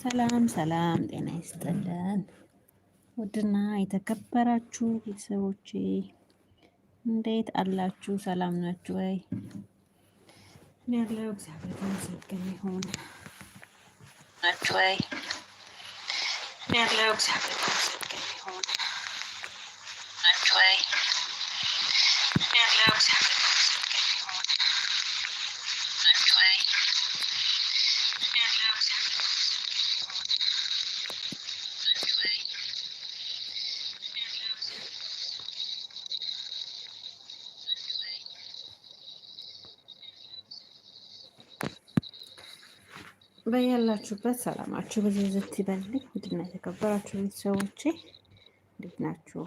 ሰላም ሰላም፣ ጤና ይስጥልን ውድና የተከበራችሁ ቤተሰቦቼ እንዴት አላችሁ? ሰላም ናችሁ ወይ? እኔ ያለው እግዚአብሔር ተመሰገን ይሁን። ናችሁ ወይ? እኔ ያለው እግዚአብሔር ተመሰገን ይሁን። ናችሁ ወይ? እኔ ያለው እግዚአብሔር በያላችሁበት ሰላማችሁ ዝት ይበልልኝ። ውድና የተከበራችሁ ቤተሰቦቼ እንዴት ናችሁ?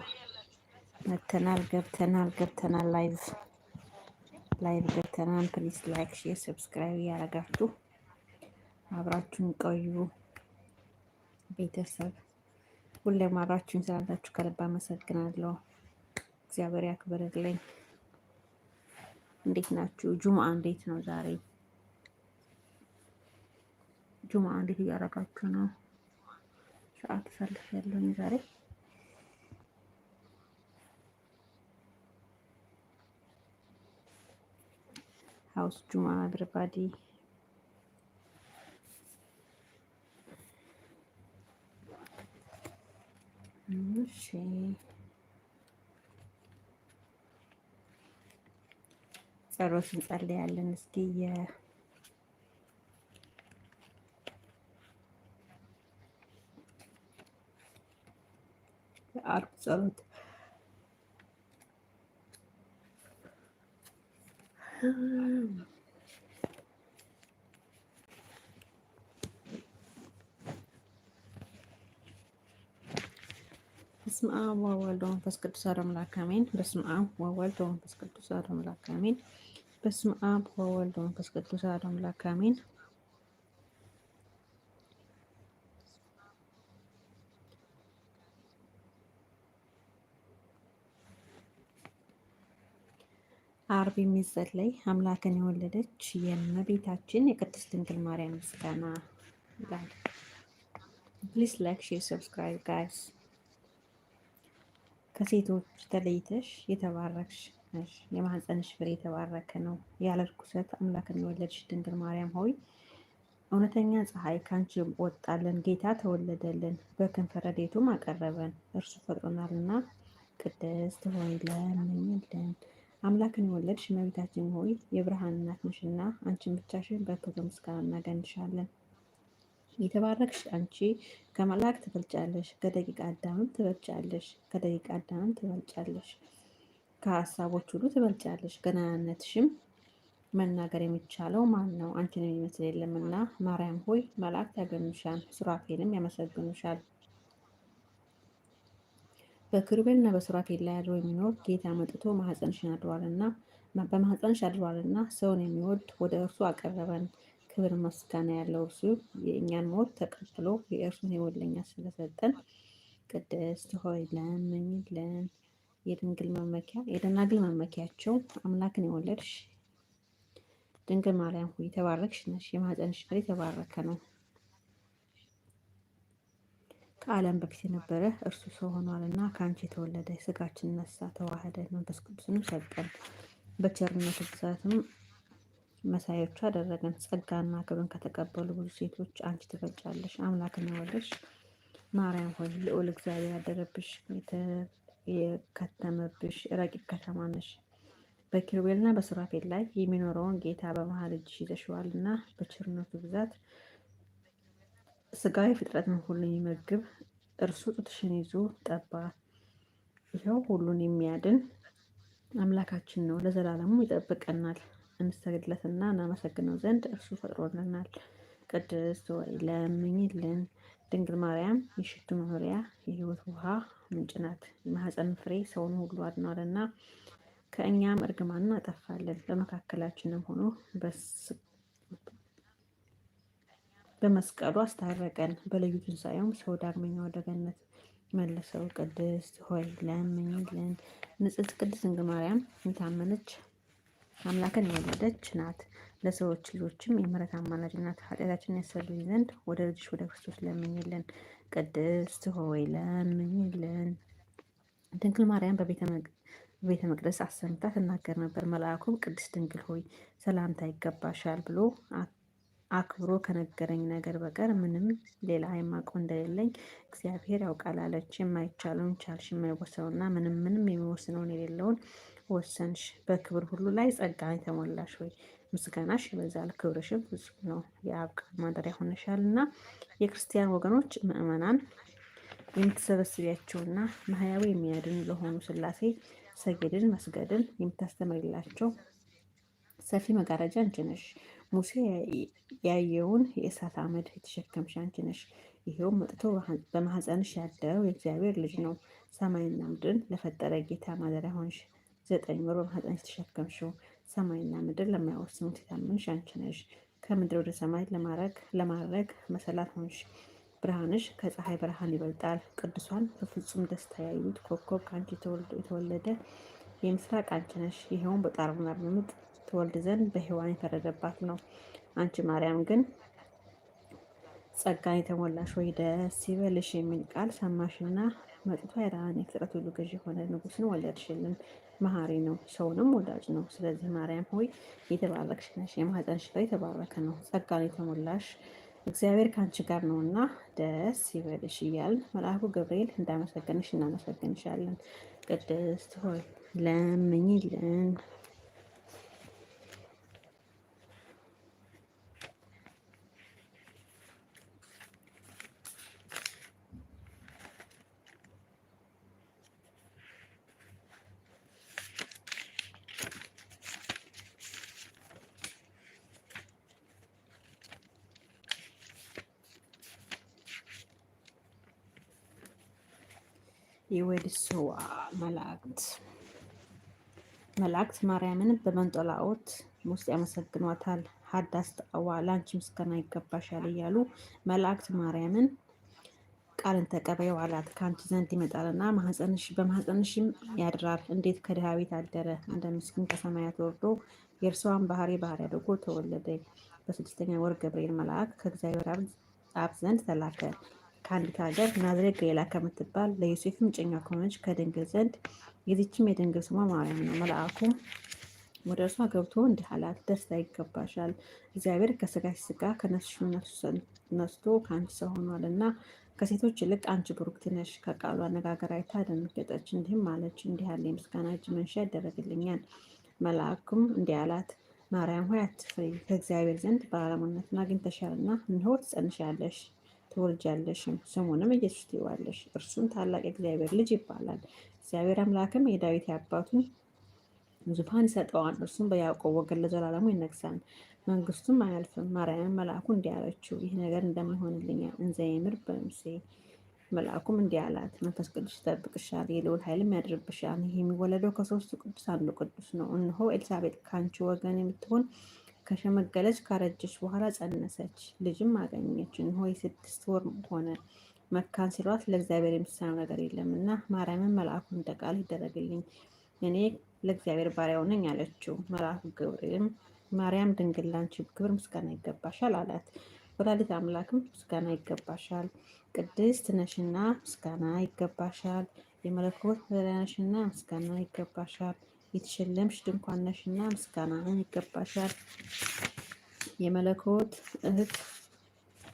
መተናል ገብተናል ገብተናል ላይቭ ላይቭ ገብተናል። ፕሊስ ላይክ፣ ሼር፣ ሰብስክራይብ እያደረጋችሁ አብራችሁን ቆዩ ቤተሰብ። ሁሌም አብራችሁን ስላላችሁ ከልብ አመሰግናለሁ። እግዚአብሔር ያክብርልኝ። እንዴት ናችሁ? ጁምአ እንዴት ነው ዛሬ? ጁማ እንዴት እያደረጋችሁ ነው? ሰዓት ሰልፍ ያለኝ ዛሬ ሀውስ ጁማ ኤቭሪባዲ እሺ ጸሎት እንጸልያለን እስኪ የአርብ ጸሎት በስመ አብ ወወልድ ወመንፈስ ቅዱስ አሐዱ አምላክ አሜን። በስመ አብ ወወልድ ወመንፈስ ቅዱስ አሐዱ አምላክ አሜን። በስመ አብ ወወልድ ወመንፈስ ቅዱስ አሐዱ አምላክ አሜን። አርብ የሚጸለይ አምላክን የወለደች የእመቤታችን የቅድስት ድንግል ማርያም ምስጋና ይላል። ፕሊስ ላይክ ሼር ሰብስክራይብ ጋይስ። ከሴቶች ተለይተሽ የተባረክሽ ነሽ፣ የማህፀንሽ ፍሬ የተባረከ ነው። ያለ ርኩሰት አምላክን የወለደች ድንግል ማርያም ሆይ እውነተኛ ፀሐይ ከአንቺ ወጣለን፣ ጌታ ተወለደልን፣ በክንፈ ረድኤቱም አቀረበን። እርሱ ፈጥሮናልና ቅድስት ሆይ ለምኝልን። አምላክን የወለድሽ እመቤታችን ሆይ የብርሃን እናት ነሽና አንቺን ብቻሽን በክብር ምስጋና እናገንሻለን። የተባረክሽ አንቺ ከመላእክት ትበልጫለሽ፣ ከደቂቀ አዳምም ትበልጫለሽ፣ ከደቂቀ አዳምም ትበልጫለሽ፣ ከሀሳቦች ሁሉ ትበልጫለሽ። ገናናነትሽም መናገር የሚቻለው ማን ነው? አንቺን የሚመስል የለምና ማርያም ሆይ መላእክት ያገኑሻል፣ ሱራፌልም ያመሰግኑሻል። በኪሩቤልና በሱራፌል ላይ አድሮ የሚኖር ጌታ መጥቶ ማኅፀንሽን አድሯልና በማኅፀንሽ አድሯልና ሰውን የሚወድ ወደ እርሱ አቀረበን። ክብር መስጋና ያለው እርሱ የእኛን ሞት ተቀብሎ የእርሱን ሕይወት ለእኛ ስለሰጠን ቅድስት ሆይ ለምኝልን። የድንግል መመኪያ የደናግል መመኪያቸው አምላክን የወለድሽ ድንግል ማርያም ሆይ የተባረክሽ ነሽ። የማኅፀንሽ ፍሬ የተባረከ ነው። ከዓለም በፊት የነበረ እርሱ ሰው እና ከአንቺ የተወለደ ስጋችን ነሳ፣ ተዋህደ፣ መንፈስ ቅዱስንም ሰጠን። በቸርነቱ ብዛትም መሳዮቹ አደረገን። ጸጋና ክብርን ከተቀበሉ ብዙ ሴቶች አንቺ ትበልጫለሽ። አምላክን ወለሽ ማርያም ሆይ ልዑል እግዚአብሔር ያደረብሽ፣ የከተመብሽ ረቂቅ ከተማ ነሽ። በኪሩቤልና በሱራፌል ላይ የሚኖረውን ጌታ በመሀል እጅሽ ይዘሽዋል እና በቸርነቱ ብዛት ስጋዊ ፍጥረትን ሁሉ የሚመግብ እርሱ ጡትሽን ይዞ ጠባ። ይኸው ሁሉን የሚያድን አምላካችን ነው፣ ለዘላለሙ ይጠብቀናል። እንሰግድለትና እናመሰግነው ዘንድ እርሱ ፈጥሮልናል። ቅድስት ወይ ለምኝልን። ድንግል ማርያም የሽቱ መኖሪያ የህይወት ውሃ ምንጭ ናት። የማህፀን ፍሬ ሰውን ሁሉ አድኗልና ከእኛም እርግማንን አጠፋለን። በመካከላችንም ሆኖ በመስቀሉ አስታረቀን። በልዩ ትንሣኤውም ሰው ዳግመኛ ወደ ገነት መለሰው። ቅድስት ሆይ ለምኝልን። ንጽሕት ቅድስት ድንግል ማርያም የታመነች አምላክን የወለደች ናት። ለሰዎች ልጆችም የምሕረት አማላጅ ናት። ኃጢአታችንን ዘንድ ወደ ልጅሽ ወደ ክርስቶስ ለምኝልን። ቅድስት ሆይ ለምኝልን። ድንግል ማርያም በቤተ መቅደስ አሰምታ ትናገር ነበር። መልአኩም ቅድስት ድንግል ሆይ ሰላምታ ይገባሻል ብሎ አክብሮ ከነገረኝ ነገር በቀር ምንም ሌላ አይማቆ እንደሌለኝ እግዚአብሔር ያውቃል አለች። የማይቻለውን ቻልሽ፣ የማይወሰነውና ምንም ምንም የሚወስነውን የሌለውን ወሰንሽ። በክብር ሁሉ ላይ ጸጋ የተሞላሽ ሆይ ምስጋናሽ ይበዛል፣ ክብርሽም ፍጹም ነው። የአብ ቃል ማደሪያ ሆነሻል እና የክርስቲያን ወገኖች ምእመናን የምትሰበስቢያቸውና ማህያዊ የሚያድን ለሆኑ ስላሴ ሰገድን መስገድን የምታስተምርላቸው ሰፊ መጋረጃ አንቺ ነሽ። ሙሴ ያየውን የእሳት አመድ የተሸከምሽ አንቺ ነሽ። ይሄውም መጥቶ በማህፀንሽ ያለው የእግዚአብሔር ልጅ ነው። ሰማይና ምድርን ለፈጠረ ጌታ ማደሪያ ሆንሽ። ዘጠኝ ወር በማህፀንሽ የተሸከምሽው ሰማይና ምድር ለማያወስኑት የታመንሽ አንቺ ነሽ። ከምድር ወደ ሰማይ ለማረግ ለማድረግ መሰላት ሆንሽ። ብርሃንሽ ከፀሐይ ብርሃን ይበልጣል። ቅዱሷን በፍጹም ደስታ ያዩት ኮከብ ከአንቺ የተወለደ የምስራቅ አንቺ ነሽ። ይኸውም በጣርሙና ምጥ ትወልድ ዘንድ በሔዋን የፈረደባት ነው። አንቺ ማርያም ግን ጸጋን የተሞላሽ ወይ ደስ ይበልሽ የሚል ቃል ሰማሽና መጥቶ የራን የፍጥረት ሁሉ ገዥ የሆነ ንጉስን ወለድሽልን። መሐሪ ነው፣ ሰውንም ወዳጅ ነው። ስለዚህ ማርያም ሆይ የተባረክሽ ነሽ፣ የማኅፀንሽ ፍሬ የተባረከ ነው። ጸጋን የተሞላሽ እግዚአብሔር ከአንቺ ጋር ነውና ደስ ይበልሽ እያልን መልአኩ ገብርኤል እንዳመሰገንሽ እናመሰግንሻለን። ቅድስት ሆይ ለምኝልን። የወድሷ መላእክት መላእክት ማርያምን በመንጦላኦት ውስጥ ያመሰግኗታል። ሀዳስ ጠዋ ለአንቺ ምስጋና ይገባሻል እያሉ መላእክት ማርያምን ቃልን ተቀበይው አላት። ከአንቺ ዘንድ ይመጣልና በማህፀንሽም ያድራል። እንዴት ከድሃ ቤት አደረ እንደ ምስኪን ከሰማያት ወርዶ የእርሷን ባህሪ ባህሪ አድርጎ ተወለደ። በስድስተኛ ወር ገብርኤል መልአክ ከእግዚአብሔር አብ ዘንድ ተላከ። ከአንዲት ሀገር ናዝሬት ገሊላ ከምትባል ለዮሴፍም ጭኛ ከሆነች ከድንግል ዘንድ የዚችም የድንግል ስሟ ማርያም ነው። መልአኩም ወደ እርሷ ገብቶ እንዲህ አላት፣ ደስታ ይገባሻል፣ እግዚአብሔር ከስጋሽ ስጋ ከነፍስሽም ነስቶ ከአንቺ ሰው ሆኗል እና ከሴቶች ይልቅ አንቺ ብሩክት ነሽ። ከቃሉ አነጋገር አይታ ደነገጠች፣ እንዲህም አለች፣ እንዲህ ያለ የምስጋና እጅ መንሻ ያደረግልኛል። መልአኩም እንዲህ አላት፣ ማርያም ሆይ አትፍሪ፣ ከእግዚአብሔር ዘንድ በአለሙነትን አግኝተሻልና፣ እንሆ ትጸንሻለሽ ትወልጃለሽም ስሙንም ኢየሱስ ትይዋለሽ፣ እርሱም ታላቅ እግዚአብሔር ልጅ ይባላል። እግዚአብሔር አምላክም የዳዊት የአባቱን ዙፋን ይሰጠዋል። እርሱም በያዕቆብ ወገን ለዘላለሙ ይነግሳል፣ መንግስቱም አያልፍም። ማርያም መልአኩ እንዲህ አለችው፣ ይህ ነገር እንዘ የምር በምሴ መልአኩም እንዲህ አላት፣ መንፈስ ቅዱስ ይጠብቅሻል፣ የልዑል ኃይልም ያድርብሻል። ይህ የሚወለደው ከሶስቱ ቅዱስ አንዱ ቅዱስ ነው። እነሆ ኤልሳቤጥ ከአንቺ ወገን የምትሆን ከሸመገለች ካረጀች በኋላ ጸነሰች፣ ልጅም አገኘች። እንሆ የስድስት ወር ሆነ። መካን ሲሏት ለእግዚአብሔር የሚሳነው ነገር የለም እና ማርያምን መልአኩ እንደ ቃል ይደረግልኝ እኔ ለእግዚአብሔር ባሪያው ነኝ አለችው። መልአኩ ገብርኤልም ማርያም ድንግል ላንቺ ክብር ምስጋና ይገባሻል አላት። ወላዲት አምላክም ምስጋና ይገባሻል፣ ቅድስት ነሽና ምስጋና ይገባሻል፣ የመለኮት ነሽና ምስጋና ይገባሻል የተሸለምሽ ድንኳን ነሽና ምስጋናህን ይገባሻል። የመለኮት እህት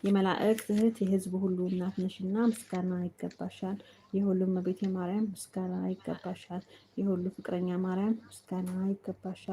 የመላእክት እህት የህዝቡ ሁሉ እናት ነሽና ምስጋና ይገባሻል። የሁሉም እመቤቴ ማርያም ምስጋና ይገባሻል። የሁሉ ፍቅረኛ ማርያም ምስጋና ይገባሻል።